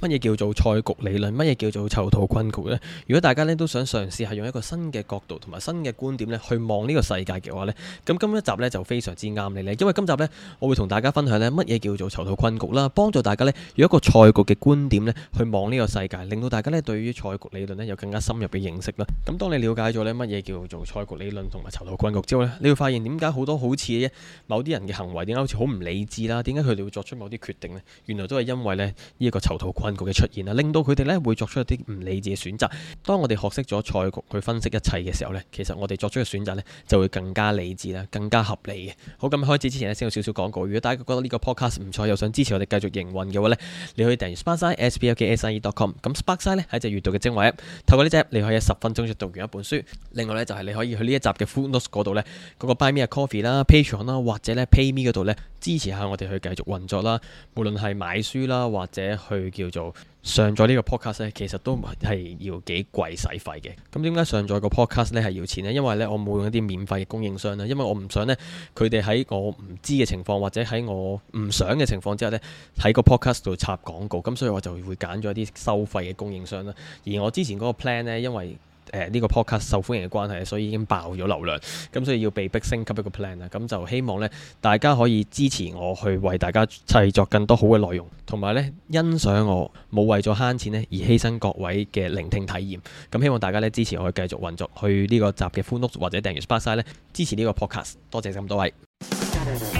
乜嘢叫做賽局理論？乜嘢叫做囚徒困局呢？如果大家呢都想嘗試下用一個新嘅角度同埋新嘅觀點咧，去望呢個世界嘅話呢，咁今一集呢就非常之啱你咧，因為今集呢，我會同大家分享咧乜嘢叫做囚徒困局啦，幫助大家呢用一個賽局嘅觀點咧去望呢個世界，令到大家呢對於賽局理論呢有更加深入嘅認識啦。咁當你了解咗咧乜嘢叫做賽局理論同埋囚徒困局之後呢，你會發現點解好多好似某啲人嘅行為點解好似好唔理智啦？點解佢哋會作出某啲決定呢？原來都係因為呢依一個囚徒困。局嘅出現啦，令到佢哋咧會作出一啲唔理智嘅選擇。當我哋學識咗賽局去分析一切嘅時候咧，其實我哋作出嘅選擇咧就會更加理智啦，更加合理嘅。好咁、嗯，開始之前咧先有少少廣告。如果大家覺得呢個 podcast 唔錯，又想支持我哋繼續營運嘅話咧，你可以訂閱 sparkside.sb1sir.com。咁、e. sparkside 咧係一隻閲讀嘅精華，透過呢隻你可以十分鐘就讀完一本書。另外咧就係、是、你可以去呢一集嘅 food notes 度咧，嗰、那個 buy me a coffee 啦 Patreon 啦，或者咧 pay me 嗰度咧。支持下我哋去繼續運作啦，無論係買書啦，或者去叫做上載呢個 podcast 咧，其實都係要幾貴使費嘅。咁點解上載個 podcast 咧係要錢呢？因為咧我冇用一啲免費嘅供應商啦，因為我唔想咧佢哋喺我唔知嘅情況，或者喺我唔想嘅情況之下咧，喺個 podcast 度插廣告。咁所以我就會揀咗啲收費嘅供應商啦。而我之前嗰個 plan 咧，因為誒呢個 podcast 受歡迎嘅關係，所以已經爆咗流量，咁所以要被迫升級一個 plan 啦。咁就希望咧，大家可以支持我，去為大家製作更多好嘅內容，同埋咧欣賞我冇為咗慳錢咧而犧牲各位嘅聆聽體驗。咁希望大家咧支持我去繼續運作，去呢個集嘅 full note，或者訂閱 Sparkside 咧支持呢個 podcast。多謝咁多位。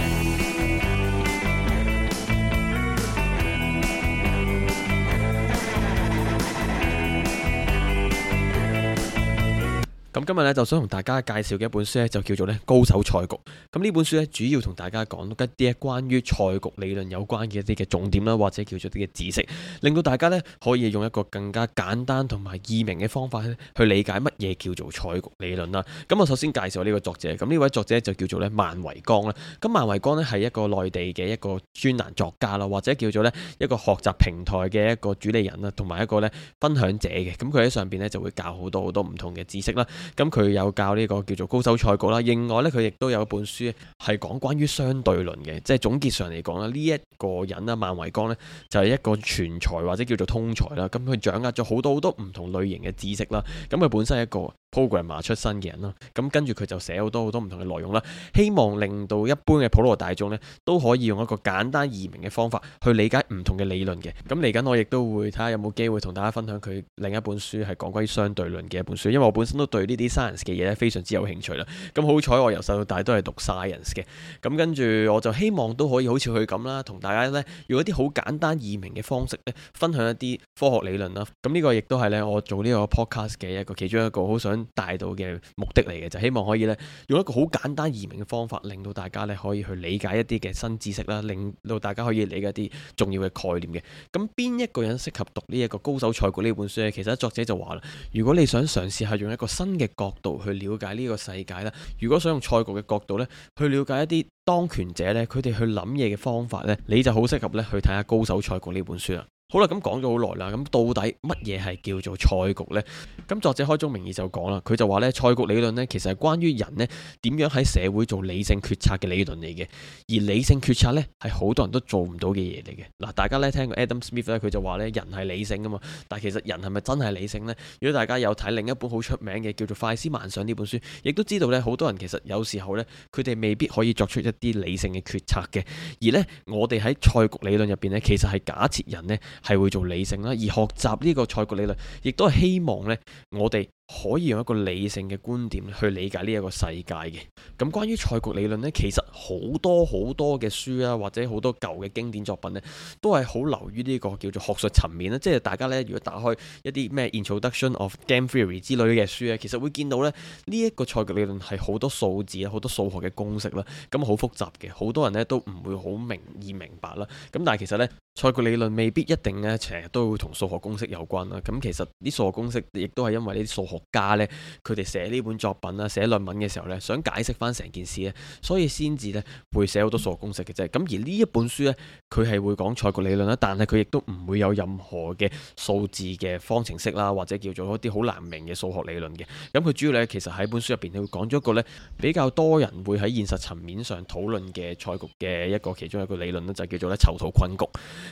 今日咧就想同大家介紹嘅一本書咧就叫做咧高手賽局。咁呢本書咧主要同大家講到一啲咧關於賽局理論有關嘅一啲嘅重點啦，或者叫做一啲嘅知識，令到大家咧可以用一個更加簡單同埋易明嘅方法去理解乜嘢叫做賽局理論啦。咁我首先介紹呢個作者。咁呢位作者就叫做咧萬維剛啦。咁萬維剛呢，係一個內地嘅一個專欄作家啦，或者叫做咧一個學習平台嘅一個主理人啦，同埋一個咧分享者嘅。咁佢喺上邊咧就會教好多好多唔同嘅知識啦。咁佢有教呢個叫做高手賽局啦，另外呢，佢亦都有一本書係講關於相對論嘅，即係總結上嚟講呢一、這個人啊，萬維剛呢，就係、是、一個全才或者叫做通才啦，咁佢掌握咗好多好多唔同類型嘅知識啦，咁佢本身係一個 programmer 出身嘅人啦，咁跟住佢就寫好多好多唔同嘅內容啦，希望令到一般嘅普羅大眾呢，都可以用一個簡單易明嘅方法去理解唔同嘅理論嘅。咁嚟緊我亦都會睇下有冇機會同大家分享佢另一本書係講關於相對論嘅一本書，因為我本身都對呢啲 science 嘅嘢呢非常之有興趣啦。咁好彩我由細到大都係讀 science 嘅，咁跟住我就希望都可以好似佢咁啦，同大家呢用一啲好簡單易明嘅方式呢分享一啲科學理論啦。咁、這、呢個亦都係呢，我做呢個 podcast 嘅一個其中一個好想帶到嘅目的嚟嘅，就是、希望可以呢，用一個好簡單易明嘅方法，令到大家呢可以去理解一啲嘅新知識啦，令到大家可以理解啲重要嘅概念嘅。咁邊一個人適合讀呢一個《高手賽局》呢本書呢？其實作者就話啦，如果你想嘗試下用一個新嘅角度去了解呢個世界啦，如果想用賽局嘅角度呢，去了解一啲當權者呢，佢哋去諗嘢嘅方法呢，你就好適合呢去睇下《高手賽局》呢本書啦。好啦，咁講咗好耐啦，咁到底乜嘢係叫做賽局呢？咁作者開宗明義就講啦，佢就話呢賽局理論呢，其實係關於人呢點樣喺社會做理性決策嘅理論嚟嘅。而理性決策呢，係好多人都做唔到嘅嘢嚟嘅。嗱，大家呢聽過 Adam Smith 呢，佢就話呢人係理性㗎嘛。但係其實人係咪真係理性呢？如果大家有睇另一本好出名嘅叫做《快思慢想》呢本書，亦都知道呢，好多人其實有時候呢，佢哋未必可以作出一啲理性嘅決策嘅。而呢，我哋喺賽局理論入邊呢，其實係假設人呢。係會做理性啦，而學習呢個賽局理論，亦都係希望咧，我哋。可以用一個理性嘅觀點去理解呢一個世界嘅。咁關於賽局理論呢，其實好多好多嘅書啊，或者好多舊嘅經典作品呢，都係好流於呢個叫做學術層面啦。即係大家呢，如果打開一啲咩 Introduction of Game Theory 之類嘅書咧，其實會見到呢呢一個賽局理論係好多數字啊，好多數學嘅公式啦，咁好複雜嘅，好多人呢都唔會好明易明白啦。咁但係其實呢，賽局理論未必一定呢，成日都會同數學公式有關啦。咁其實啲數學公式亦都係因為呢啲數學。家呢，佢哋寫呢本作品啊，寫論文嘅時候呢，想解釋返成件事呢，所以先至呢，會寫好多數學公式嘅啫。咁而呢一本書呢，佢係會講賽局理論啦，但係佢亦都唔會有任何嘅數字嘅方程式啦，或者叫做一啲好難明嘅數學理論嘅。咁佢主要呢，其實喺本書入邊，佢講咗一個呢，比較多人會喺現實層面上討論嘅賽局嘅一個其中一個理論呢，就叫做呢囚徒困局。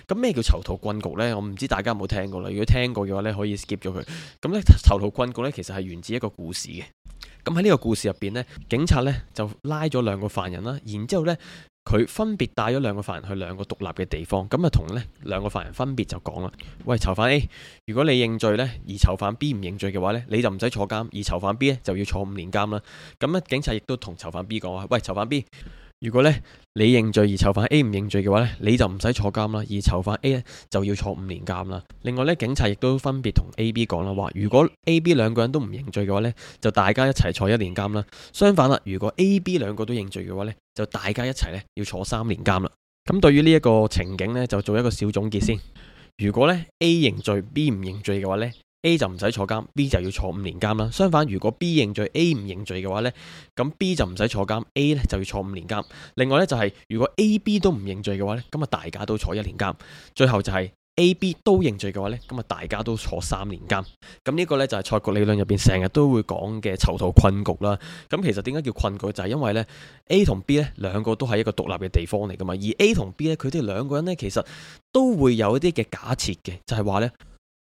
咁咩叫囚徒困局呢？我唔知大家有冇聽過啦。如果聽過嘅話呢，可以 skip 咗佢。咁呢囚徒困局呢。其實係源自一個故事嘅，咁喺呢個故事入邊呢，警察呢就拉咗兩個犯人啦，然之後呢佢分別帶咗兩個犯人去兩個獨立嘅地方，咁啊同呢兩個犯人分別就講啦，喂囚犯 A，如果你認罪呢，而囚犯 B 唔認罪嘅話呢，你就唔使坐監，而囚犯 B 呢，就要坐五年監啦。咁呢，警察亦都同囚犯 B 講啊，喂囚犯 B。如果咧你認罪，而囚犯 A 唔認罪嘅話咧，你就唔使坐監啦；而囚犯 A 咧就要坐五年監啦。另外咧，警察亦都分別同 A、B 講啦，話如果 A、B 兩個人都唔認罪嘅話咧，就大家一齊坐一年監啦。相反啦，如果 A、B 兩個都認罪嘅話咧，就大家一齊咧要坐三年監啦。咁對於呢一個情景咧，就做一個小總結先。如果咧 A 認罪，B 唔認罪嘅話咧。A 就唔使坐監，B 就要坐五年監啦。相反，如果 B 認罪，A 唔認罪嘅話呢，咁 B 就唔使坐監，A 呢就要坐五年監。另外呢，就係如果 A、B 都唔認罪嘅話呢，咁啊大家都坐一年監。最後就係 A、B 都認罪嘅話呢，咁啊大家都坐三年監。咁呢個呢，就係賽局理論入邊成日都會講嘅囚徒困局啦。咁其實點解叫困局，就係因為呢 A 同 B 呢兩個都係一個獨立嘅地方嚟噶嘛。而 A 同 B 呢，佢哋兩個人呢，其實都會有一啲嘅假設嘅，就係話呢。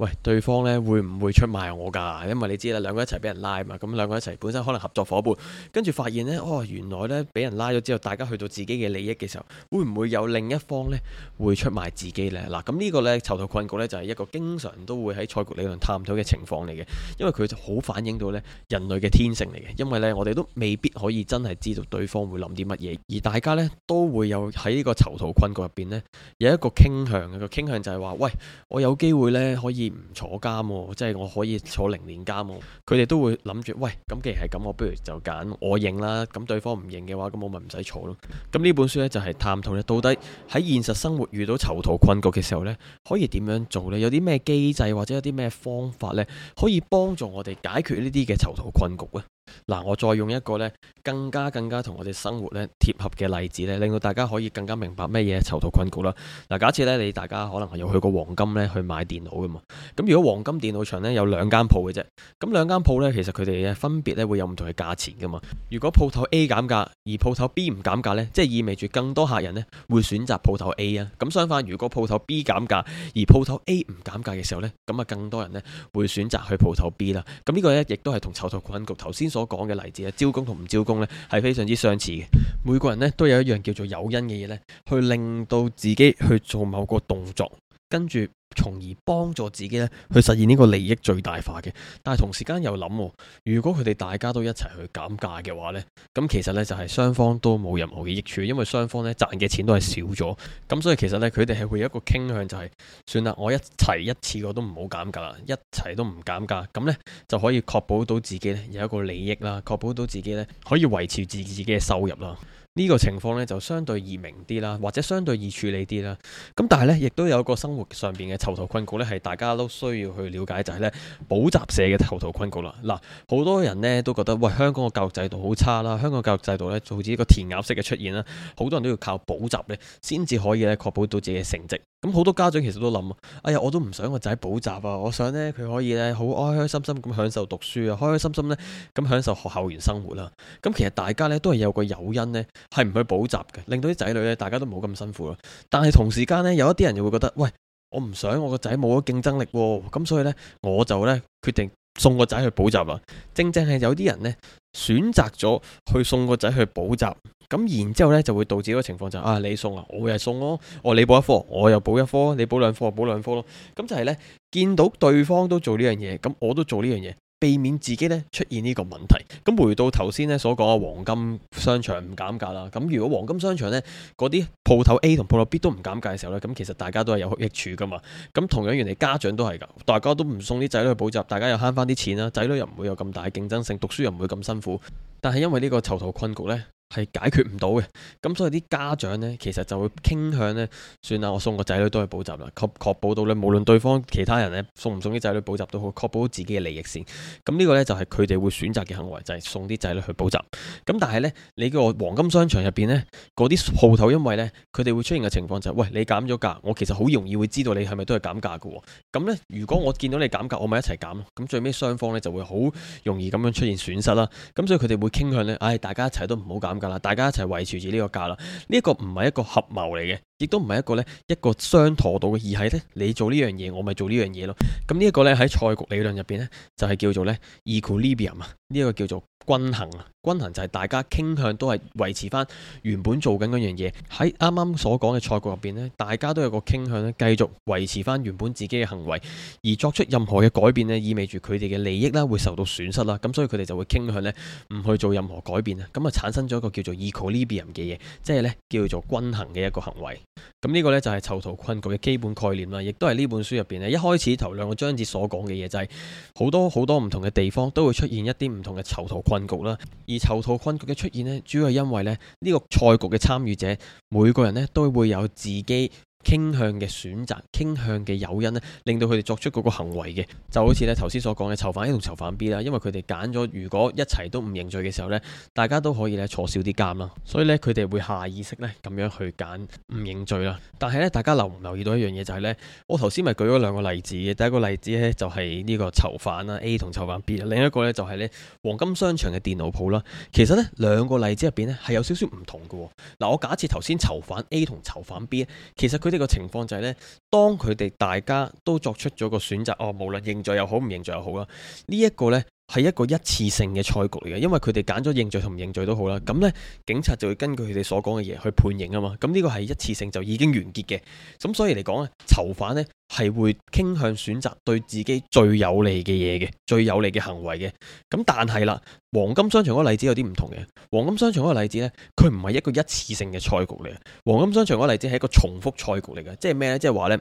喂，對方咧會唔會出賣我噶？因為你知啦，兩個一齊俾人拉嘛，咁兩個一齊本身可能合作伙伴，跟住發現呢，哦，原來呢俾人拉咗之後，大家去到自己嘅利益嘅時候，會唔會有另一方呢會出賣自己呢？嗱，咁、這、呢個呢囚徒困局呢，就係、是、一個經常都會喺賽局理論探討嘅情況嚟嘅，因為佢就好反映到呢人類嘅天性嚟嘅，因為呢，我哋都未必可以真係知道對方會諗啲乜嘢，而大家呢，都會有喺呢個囚徒困局入邊呢，有一個傾向嘅，個傾向就係話，喂，我有機會呢可以。唔坐監喎，即係我可以坐零年監喎。佢哋都會諗住，喂，咁既然係咁，我不如就揀我認啦。咁對方唔認嘅話，咁我咪唔使坐咯。咁呢本書呢，就係探討呢，到底喺現實生活遇到囚徒困局嘅時候呢，可以點樣做呢？有啲咩機制或者有啲咩方法呢，可以幫助我哋解決呢啲嘅囚徒困局呢？嗱、啊，我再用一個咧更加更加同我哋生活咧貼合嘅例子咧，令到大家可以更加明白咩嘢囚徒困局啦。嗱、啊，假設咧你大家可能係有去過黃金咧去買電腦噶嘛。咁、啊、如果黃金電腦場咧有兩間鋪嘅啫，咁兩間鋪咧其實佢哋咧分別咧會有唔同嘅價錢噶嘛。如果鋪頭 A 減價，而鋪頭 B 唔減價咧，即係意味住更多客人呢會選擇鋪頭 A 啊。咁相反，如果鋪頭 B 減價而鋪頭 A 唔減價嘅時候咧，咁啊更多人呢會選擇去鋪頭 B 啦、啊。咁呢個咧亦都係同囚徒困局頭先所所講嘅例子啊，招工同唔招工呢係非常之相似嘅。每個人呢都有一樣叫做誘因嘅嘢呢，去令到自己去做某個動作。跟住，從而幫助自己咧去實現呢個利益最大化嘅。但係同時間又諗、哦，如果佢哋大家都一齊去減價嘅話呢，咁其實呢就係雙方都冇任何嘅益處，因為雙方呢賺嘅錢都係少咗。咁所以其實呢，佢哋係會有一個傾向，就係算啦，我一齊一次過都唔好減價啦，一齊都唔減價，咁呢就可以確保到自己呢有一個利益啦，確保到自己呢可以維持自己嘅收入啦。呢個情況呢，就相對易明啲啦，或者相對易處理啲啦。咁但係呢，亦都有個生活上邊嘅囚徒困局呢，係大家都需要去了解，就係呢補習社嘅囚徒困局啦。嗱，好多人呢都覺得，喂，香港嘅教育制度好差啦，香港教育制度呢就好似一個填鴨式嘅出現啦，好多人都要靠補習呢，先至可以咧確保到自己嘅成績。咁好多家長其實都諗啊，哎呀，我都唔想個仔補習啊，我想呢，佢可以呢，好開開心心咁享受讀書啊，開開心心呢，咁享受學校園生活啦。咁其實大家呢，都係有個誘因呢，係唔去補習嘅，令到啲仔女呢，大家都冇咁辛苦咯。但係同時間呢，有一啲人又會覺得，喂，我唔想我個仔冇咗競爭力，咁所以呢，我就呢，決定送個仔去補習啦。正正係有啲人呢。選擇咗去送個仔去補習，咁然之後呢就會導致一個情況就係、是、啊，你送啊，我又送咯、啊，哦你補一科，我又補一科，你補兩科，我補兩科咯，咁就係呢，見到對方都做呢樣嘢，咁我都做呢樣嘢。避免自己咧出現呢個問題。咁回到頭先咧所講嘅黃金商場唔減價啦。咁如果黃金商場呢嗰啲鋪頭 A 同鋪頭 B 都唔減價嘅時候呢，咁其實大家都係有益處噶嘛。咁同樣原來家長都係噶，大家都唔送啲仔女去補習，大家又慳翻啲錢啦，仔女又唔會有咁大競爭性，讀書又唔會咁辛苦。但係因為呢個囚徒困局呢，係解決唔到嘅，咁所以啲家長呢，其實就會傾向呢。算啦，我送個仔女都去補習啦，確確保到呢，無論對方其他人呢，送唔送啲仔女補習都好，確保到自己嘅利益先。咁呢個呢，就係佢哋會選擇嘅行為，就係、是、送啲仔女去補習。咁但係呢，你個黃金商場入邊呢嗰啲鋪頭因為呢，佢哋會出現嘅情況就係、是，喂，你減咗價，我其實好容易會知道你係咪都係減價噶。咁呢，如果我見到你減價，我咪一齊減咯。咁最尾雙方呢，就會好容易咁樣出現損失啦。咁所以佢哋會傾向呢：哎「唉，大家一齊都唔好減。大家一齊維持住呢個價啦，呢個唔係一個合謀嚟嘅。亦都唔係一個咧一個相陀到嘅，而係咧你做呢樣嘢，我咪做呢樣嘢咯。咁呢一個咧喺賽局理論入邊咧，就係、是、叫做咧、e、equilibrium 啊，呢一個叫做均衡啊。均衡就係大家傾向都係維持翻原本做緊嗰樣嘢。喺啱啱所講嘅賽局入邊咧，大家都有一個傾向咧，繼續維持翻原本自己嘅行為，而作出任何嘅改變咧，意味住佢哋嘅利益啦會受到損失啦。咁所以佢哋就會傾向咧唔去做任何改變啊。咁啊產生咗一個叫做 equilibrium 嘅嘢，即係咧叫做均衡嘅一個行為。咁呢個呢，就係囚徒困局嘅基本概念啦，亦都係呢本書入邊呢，一開始頭兩個章節所講嘅嘢，就係好多好多唔同嘅地方都會出現一啲唔同嘅囚徒困局啦。而囚徒困局嘅出現呢，主要係因為呢個賽局嘅參與者每個人呢，都會有自己，傾向嘅選擇、傾向嘅誘因咧，令到佢哋作出嗰個行為嘅，就好似咧頭先所講嘅囚犯 A 同囚犯 B 啦，因為佢哋揀咗如果一齊都唔認罪嘅時候呢，大家都可以咧坐少啲監啦，所以呢，佢哋會下意識呢咁樣去揀唔認罪啦。但係呢，大家留唔留意到一樣嘢就係呢：我頭先咪舉咗兩個例子嘅，第一個例子呢，就係呢個囚犯啦 A 同囚犯 B，另一個呢，就係呢黃金商場嘅電腦鋪啦。其實呢，兩個例子入邊呢，係有少少唔同嘅。嗱，我假設頭先囚犯 A 同囚犯 B，其實佢呢個情況就係、是、咧，當佢哋大家都作出咗個選擇，哦，無論認罪又好唔認罪又好啦，這個、呢一個咧。係一個一次性嘅賽局嚟嘅，因為佢哋揀咗認罪同唔認罪都好啦，咁呢警察就會根據佢哋所講嘅嘢去判刑啊嘛，咁呢個係一次性就已經完結嘅，咁所以嚟講啊，囚犯呢係會傾向選擇對自己最有利嘅嘢嘅，最有利嘅行為嘅，咁但係啦，黃金商場嗰個例子有啲唔同嘅，黃金商場嗰個例子呢，佢唔係一個一次性嘅賽局嚟嘅，黃金商場嗰個例子係一個重複賽局嚟嘅，即係咩呢？即係話呢。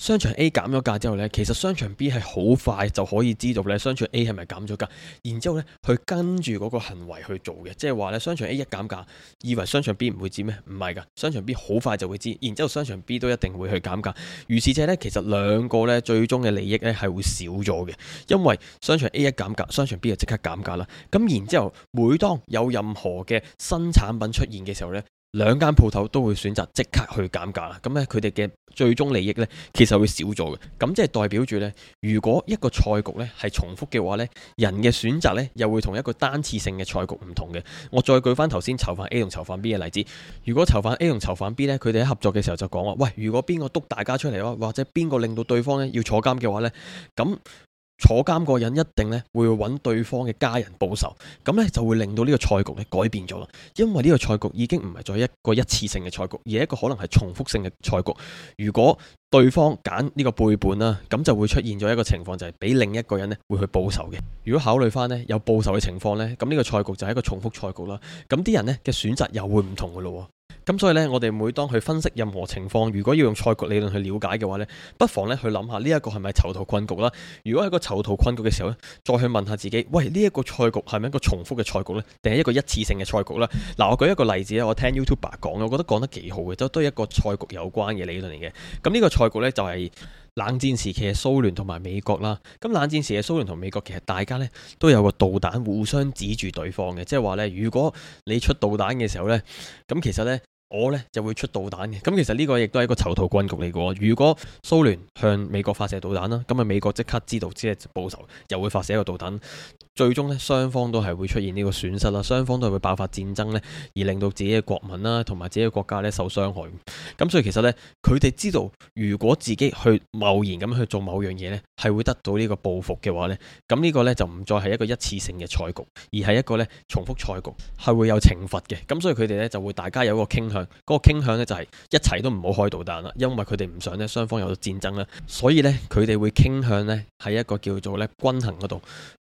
商場 A 減咗價之後呢，其實商場 B 係好快就可以知道呢商場 A 係咪減咗價，然之後呢，佢跟住嗰個行為去做嘅，即係話呢商場 A 一減價，以為商場 B 唔會知咩？唔係噶，商場 B 好快就會知，然之後商場 B 都一定會去減價。如是者呢，其實兩個呢最終嘅利益呢係會少咗嘅，因為商場 A 一減價，商場 B 就即刻減價啦。咁然之後，每當有任何嘅新產品出現嘅時候呢，兩間鋪頭都會選擇即刻去減價啦，咁咧佢哋嘅最終利益呢，其實會少咗嘅，咁即係代表住呢，如果一個賽局呢係重複嘅話呢，人嘅選擇呢又會同一個單次性嘅賽局唔同嘅。我再舉翻頭先囚犯 A 同囚犯 B 嘅例子，如果囚犯 A 同囚犯 B 呢，佢哋喺合作嘅時候就講話，「喂，如果邊個督大家出嚟咯，或者邊個令到對方呢要坐監嘅話呢？」咁。坐監嗰人一定咧會揾對方嘅家人報仇，咁咧就會令到呢個賽局咧改變咗咯。因為呢個賽局已經唔係再一個一次性嘅賽局，而一個可能係重複性嘅賽局。如果對方揀呢個背叛啦，咁就會出現咗一個情況，就係俾另一個人咧會去報仇嘅。如果考慮翻咧有報仇嘅情況呢，咁呢個賽局就係一個重複賽局啦。咁啲人咧嘅選擇又會唔同嘅咯。咁所以呢，我哋每當去分析任何情況，如果要用賽局理論去了解嘅話呢，不妨呢去諗下呢一，這個係咪囚徒困局啦。如果係個囚徒困局嘅時候呢，再去問下自己，喂，呢、這、一個賽局係咪一個重複嘅賽局呢？定係一個一次性嘅賽局咧？嗱、呃，我舉一個例子，我聽 YouTuber 講，我覺得講得幾好嘅，都都係一個賽局有關嘅理論嚟嘅。咁、嗯、呢、這個賽局呢，就係、是、冷戰時期嘅蘇聯同埋美國啦。咁、嗯、冷戰時期嘅蘇聯同美國其實，大家呢都有個導彈互相指住對方嘅，即係話呢，如果你出導彈嘅時候呢，咁其實呢……我呢就會出導彈嘅，咁其實呢個亦都係一個囚徒困局嚟嘅。如果蘇聯向美國發射導彈啦，咁啊美國即刻知道，即係報仇，又會發射一個導彈。最終呢，雙方都係會出現呢個損失啦，雙方都係會爆發戰爭呢，而令到自己嘅國民啦同埋自己嘅國家呢受傷害。咁所以其實呢，佢哋知道如果自己去貿然咁去做某樣嘢呢，係會得到呢個報復嘅話呢，咁呢個呢就唔再係一個一次性嘅賽局，而係一個呢重複賽局，係會有懲罰嘅。咁所以佢哋呢就會大家有一個傾向。嗰個傾向咧就係一切都唔好開導彈啦，因為佢哋唔想咧雙方有戰爭啦，所以咧佢哋會傾向咧喺一個叫做咧均衡嗰度。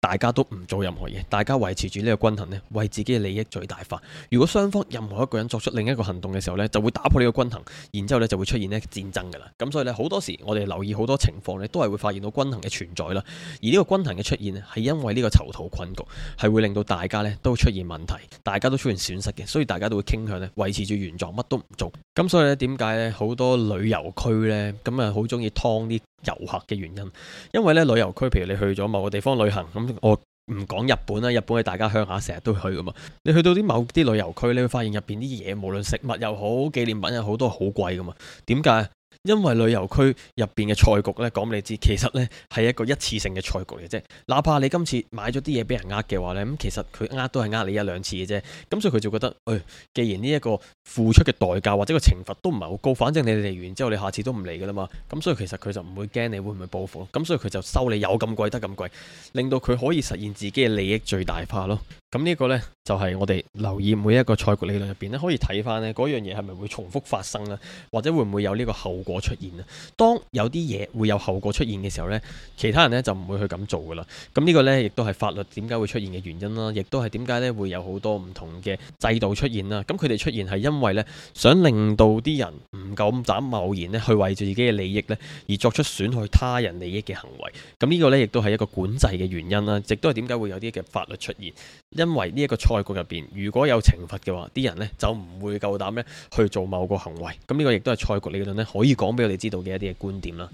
大家都唔做任何嘢，大家維持住呢個均衡咧，為自己嘅利益最大化。如果雙方任何一個人作出另一個行動嘅時候咧，就會打破呢個均衡，然之後咧就會出現咧戰爭噶啦。咁所以咧好多時我哋留意好多情況咧，都係會發現到均衡嘅存在啦。而呢個均衡嘅出現咧，係因為呢個囚徒困局，係會令到大家咧都出現問題，大家都出現損失嘅，所以大家都會傾向咧維持住原狀，乜都唔做。咁所以咧點解咧好多旅遊區呢？咁啊好中意劏啲？遊客嘅原因，因為咧旅遊區，譬如你去咗某個地方旅行，咁、嗯、我唔講日本啦，日本係大家鄉下成日都去㗎嘛。你去到啲某啲旅遊區，你會發現入邊啲嘢，無論食物又好，紀念品又好，都係好貴㗎嘛。點解？因為旅遊區入邊嘅賽局呢，講俾你知，其實呢係一個一次性嘅賽局嘅啫。哪怕你今次買咗啲嘢，俾人呃嘅話呢，咁其實佢呃都係呃你一兩次嘅啫。咁所以佢就覺得，誒、哎，既然呢一個付出嘅代價或者個懲罰都唔係好高，反正你嚟完之後你下次都唔嚟噶啦嘛。咁所以其實佢就唔會驚你會唔會報復，咁所以佢就收你有咁貴得咁貴，令到佢可以實現自己嘅利益最大化咯。咁呢個呢，就係、是、我哋留意每一個賽局理論入邊咧，可以睇翻呢嗰樣嘢係咪會重複發生咧，或者會唔會有呢個後果出現啊？當有啲嘢會有後果出現嘅時候呢，其他人呢就唔會去咁做噶啦。咁呢個呢，亦都係法律點解會出現嘅原因啦、啊，亦都係點解呢會有好多唔同嘅制度出現啦、啊。咁佢哋出現係因為呢，想令到啲人唔夠膽貿然呢去為住自己嘅利益呢，而作出損害他人利益嘅行為。咁呢個呢，亦都係一個管制嘅原因啦、啊，亦都係點解會有啲嘅法律出現。因為呢一個賽局入邊，如果有懲罰嘅話，啲人呢就唔會夠膽呢去做某個行為。咁、嗯、呢、呢個亦都係賽局理論呢可以講俾我哋知道嘅一啲嘅觀點啦。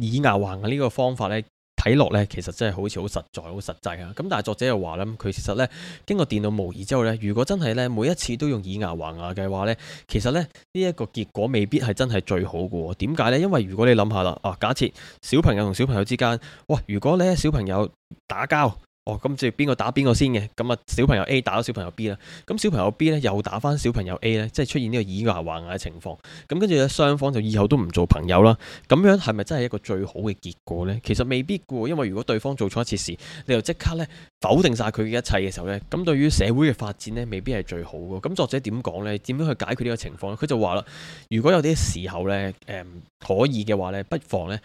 以牙還牙呢個方法呢，睇落呢其實真係好似好實在、好實際啊。咁但係作者又話呢，佢其實呢經過電腦模擬之後呢，如果真係呢每一次都用以牙還牙嘅話呢，其實呢呢一個結果未必係真係最好嘅。點解呢？因為如果你諗下啦，啊，假設小朋友同小朋友之間，喂，如果你喺小朋友打交。哦，咁即係邊個打邊個先嘅？咁啊小朋友 A 打咗小朋友 B 啦，咁小朋友 B 呢，又打返小朋友 A 呢，即係出現個以外還外呢個以牙還牙嘅情況，咁跟住咧雙方就以後都唔做朋友啦。咁樣係咪真係一個最好嘅結果呢？其實未必嘅，因為如果對方做錯一次事，你又即刻咧否定曬佢嘅一切嘅時候呢，咁對於社會嘅發展呢，未必係最好嘅。咁作者點講呢？點樣去解決呢個情況咧？佢就話啦，如果有啲時候呢，誒、嗯、可以嘅話呢，不妨呢，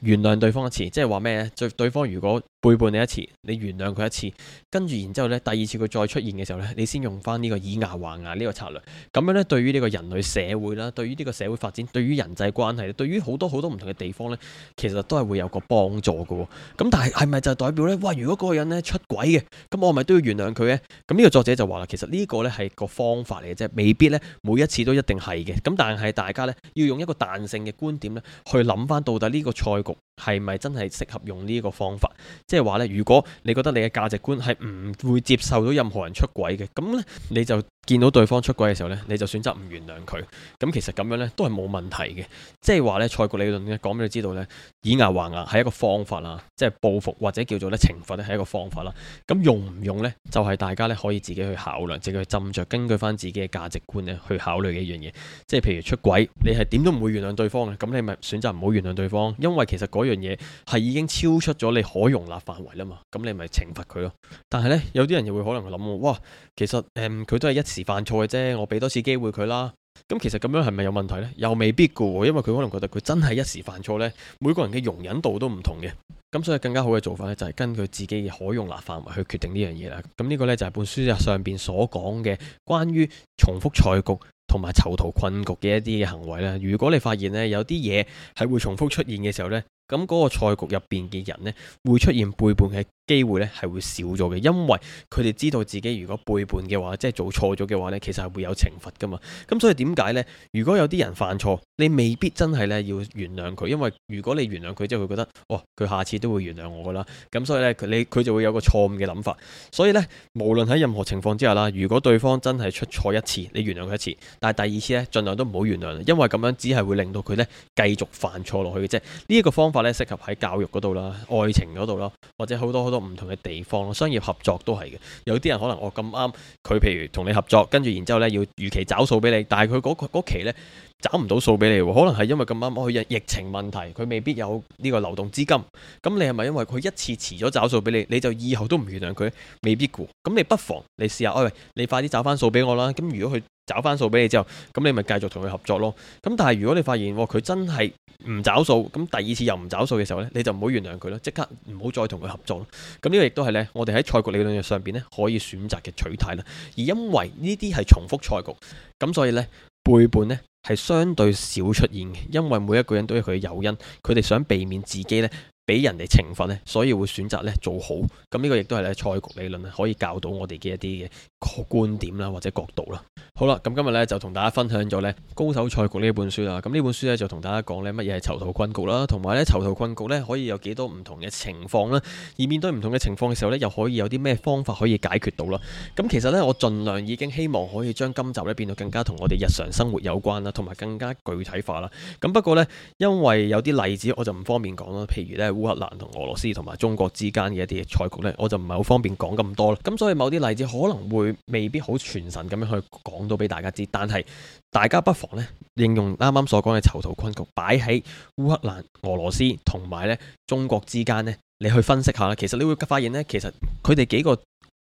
原諒對方一次，即係話咩呢？對對方如果。背叛你一次，你原諒佢一次，跟住然之後呢，第二次佢再出現嘅時候呢，你先用翻呢個以牙還牙呢個策略，咁樣呢，對於呢個人類社會啦，對於呢個社會發展，對於人際關係咧，對於好多好多唔同嘅地方呢，其實都係會有個幫助㗎。咁但係係咪就是代表呢？哇！如果個人呢出軌嘅，咁我咪都要原諒佢呢？咁呢個作者就話啦，其實呢個呢係個方法嚟嘅啫，未必呢每一次都一定係嘅。咁但係大家呢，要用一個彈性嘅觀點呢去諗翻到底呢個賽局。係咪真係適合用呢個方法？即係話呢，如果你覺得你嘅價值觀係唔會接受到任何人出軌嘅，咁呢你就，見到對方出軌嘅時候呢，你就選擇唔原諒佢。咁其實咁樣呢，都係冇問題嘅，即係話呢，賽局理論咧講俾你知道呢，以牙還牙係一個方法啊，即係報復或者叫做咧懲罰咧係一個方法啦。咁用唔用呢？就係、是、大家呢，可以自己去考量，自己去斟酌，根據翻自己嘅價值觀咧去考慮嘅一樣嘢。即係譬如出軌，你係點都唔會原諒對方嘅，咁你咪選擇唔好原諒對方，因為其實嗰樣嘢係已經超出咗你可容納範圍啦嘛。咁你咪懲罰佢咯。但係呢，有啲人又會可能諗，哇，其實佢、嗯、都係一。時犯錯嘅啫，我俾多次機會佢啦。咁其實咁樣係咪有問題呢？又未必噶因為佢可能覺得佢真係一時犯錯呢。每個人嘅容忍度都唔同嘅，咁所以更加好嘅做法呢，就係根據自己嘅可用納範圍去決定呢樣嘢啦。咁呢個呢，就係本書上邊所講嘅關於重複賽局同埋囚徒困局嘅一啲嘅行為啦。如果你發現呢，有啲嘢係會重複出現嘅時候呢，咁嗰個賽局入邊嘅人呢，會出現背叛嘅機會咧，係會少咗嘅，因為佢哋知道自己如果背叛嘅話，即係做錯咗嘅話呢，其實係會有懲罰噶嘛。咁所以點解呢？如果有啲人犯錯，你未必真係咧要原諒佢，因為如果你原諒佢，即係會覺得，哦，佢下次都會原諒我噶啦。咁所以呢，佢你佢就會有個錯誤嘅諗法。所以呢，無論喺任何情況之下啦，如果對方真係出錯一次，你原諒佢一次，但係第二次呢，盡量都唔好原諒，因為咁樣只係會令到佢呢繼續犯錯落去嘅啫。呢一個方法呢，適合喺教育嗰度啦、愛情嗰度啦，或者好多好多。唔同嘅地方商業合作都係嘅。有啲人可能我咁啱，佢、哦、譬如同你合作，跟住然之後呢要預期找數俾你，但係佢嗰期呢，找唔到數俾你喎。可能係因為咁啱，佢疫情問題，佢未必有呢個流動資金。咁你係咪因為佢一次遲咗找數俾你，你就以後都唔原諒佢？未必嘅。咁你不妨你試下，喂、哎，你快啲找翻數俾我啦。咁如果佢，找翻數俾你之後，咁你咪繼續同佢合作咯。咁但係如果你發現佢、哦、真係唔找數，咁第二次又唔找數嘅時候呢，你就唔好原諒佢咯，即刻唔好再同佢合作咯。咁呢個亦都係呢，我哋喺賽局理論上邊呢，可以選擇嘅取態啦。而因為呢啲係重複賽局，咁所以呢，背叛呢係相對少出現嘅，因為每一個人都有佢嘅誘因，佢哋想避免自己呢俾人哋懲罰呢，所以會選擇呢做好。咁呢個亦都係咧賽局理論可以教到我哋嘅一啲嘅。觀點啦，或者角度啦，好啦，咁今日咧，就同大家分享咗呢高手賽局》呢一本書啦。咁呢本書咧，就同大家講呢乜嘢係囚徒困局啦，同埋咧囚徒困局咧可以有幾多唔同嘅情況啦，而面對唔同嘅情況嘅時候咧，又可以有啲咩方法可以解決到啦。咁其實咧，我盡量已經希望可以將今集咧變到更加同我哋日常生活有關啦，同埋更加具體化啦。咁不過呢，因為有啲例子我就唔方便講咯，譬如咧烏克蘭同俄羅斯同埋中國之間嘅一啲賽局咧，我就唔係好方便講咁多啦。咁所以某啲例子可能會。未必好全神咁樣去講到俾大家知，但係大家不妨呢應用啱啱所講嘅囚徒困局擺喺烏克蘭、俄羅斯同埋咧中國之間呢。你去分析下啦。其實你會發現呢，其實佢哋幾個。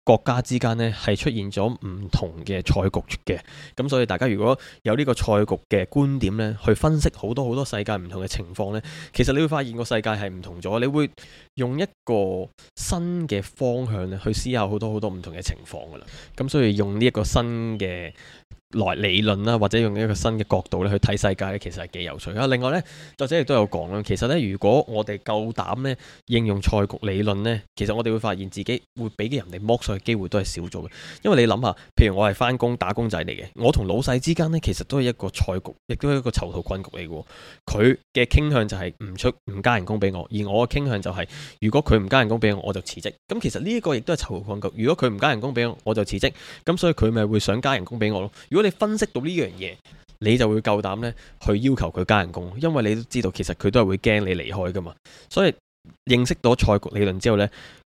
國家之間呢係出現咗唔同嘅賽局嘅，咁所以大家如果有呢個賽局嘅觀點呢，去分析好多好多世界唔同嘅情況呢，其實你會發現個世界係唔同咗，你會用一個新嘅方向咧去思考好多好多唔同嘅情況㗎喇。咁所以用呢一個新嘅。來理論啦，或者用一個新嘅角度咧去睇世界咧，其實係幾有趣啊！另外呢，作者亦都有講啦，其實呢，如果我哋夠膽呢，應用賽局理論呢，其實我哋會發現自己會俾人哋剝削嘅機會都係少咗嘅。因為你諗下，譬如我係返工打工仔嚟嘅，我同老細之間呢，其實都係一個賽局，亦都係一個囚徒困局嚟嘅。佢嘅傾向就係唔出唔加人工俾我，而我嘅傾向就係，如果佢唔加人工俾我，我就辭職。咁其實呢一個亦都係囚徒困局。如果佢唔加人工俾我，我就辭職。咁所以佢咪會想加人工俾我咯？如果你分析到呢樣嘢，你就會夠膽咧去要求佢加人工，因為你都知道其實佢都係會驚你離開㗎嘛。所以認識到賽局理論之後呢，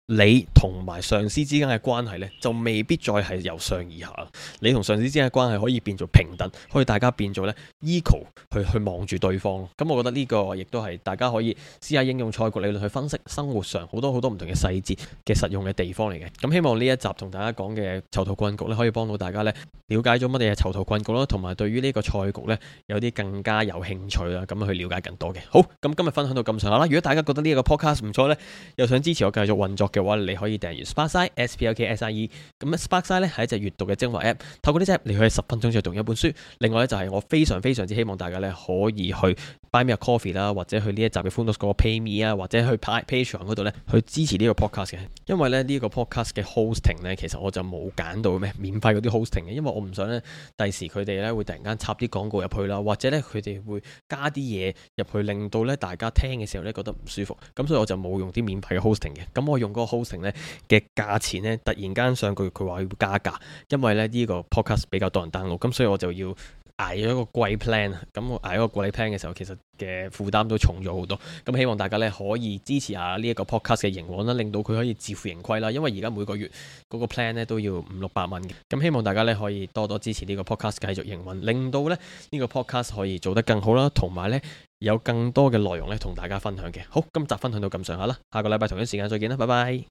你同埋上司之間嘅關係呢，就未必再係由上而下啦。你同上司之間嘅關係可以變做平等，可以大家變做呢 equal 去去望住對方咯。咁、嗯、我覺得呢個亦都係大家可以試下應用賽局理論去分析生活上好多好多唔同嘅細節嘅實用嘅地方嚟嘅。咁、嗯、希望呢一集同大家講嘅囚徒困局呢，可以幫到大家呢，了解咗乜嘢囚徒困局啦，同埋對於呢個賽局呢，有啲更加有興趣啦，咁去了解更多嘅。好，咁、嗯、今日分享到咁上下啦。如果大家覺得呢個 podcast 唔錯呢，又想支持我繼續運作。嘅話，你可以訂閱 Sparkside，S P L K S I E。咁 Sparkside 咧，係一隻閲讀嘅精華 App，透過呢隻 App，你可以十分鐘就讀一本書。另外咧，就係、是，我非常非常之希望大家咧可以去。Buy me a coffee 啦，或者去呢一集嘅 f u 嗰個 Pay Me 啊，或者去 Pay Patreon 嗰度咧，去支持呢個 Podcast 嘅。因為咧呢個 Podcast 嘅 Hosting 咧，其實我就冇揀到咩免費嗰啲 Hosting 嘅，因為我唔想咧第時佢哋咧會突然間插啲廣告入去啦，或者咧佢哋會加啲嘢入去，令到咧大家聽嘅時候咧覺得唔舒服。咁所以我就冇用啲免費嘅 Hosting 嘅。咁我用嗰個 Hosting 咧嘅價錢咧，突然間上個月佢話要加價，因為咧呢個 Podcast 比較多人 download，咁所以我就要。捱咗一個貴 plan 啊，咁我捱一個貴 plan 嘅時候，其實嘅負擔都重咗好多。咁希望大家咧可以支持下呢一個 podcast 嘅營運啦，令到佢可以自負盈虧啦。因為而家每個月嗰個 plan 咧都要五六百蚊嘅。咁希望大家咧可以多多支持呢個 podcast 繼續營運，令到咧呢個 podcast 可以做得更好啦，同埋咧有更多嘅內容咧同大家分享嘅。好，今集分享到咁上下啦，下個禮拜同一時間再見啦，拜拜。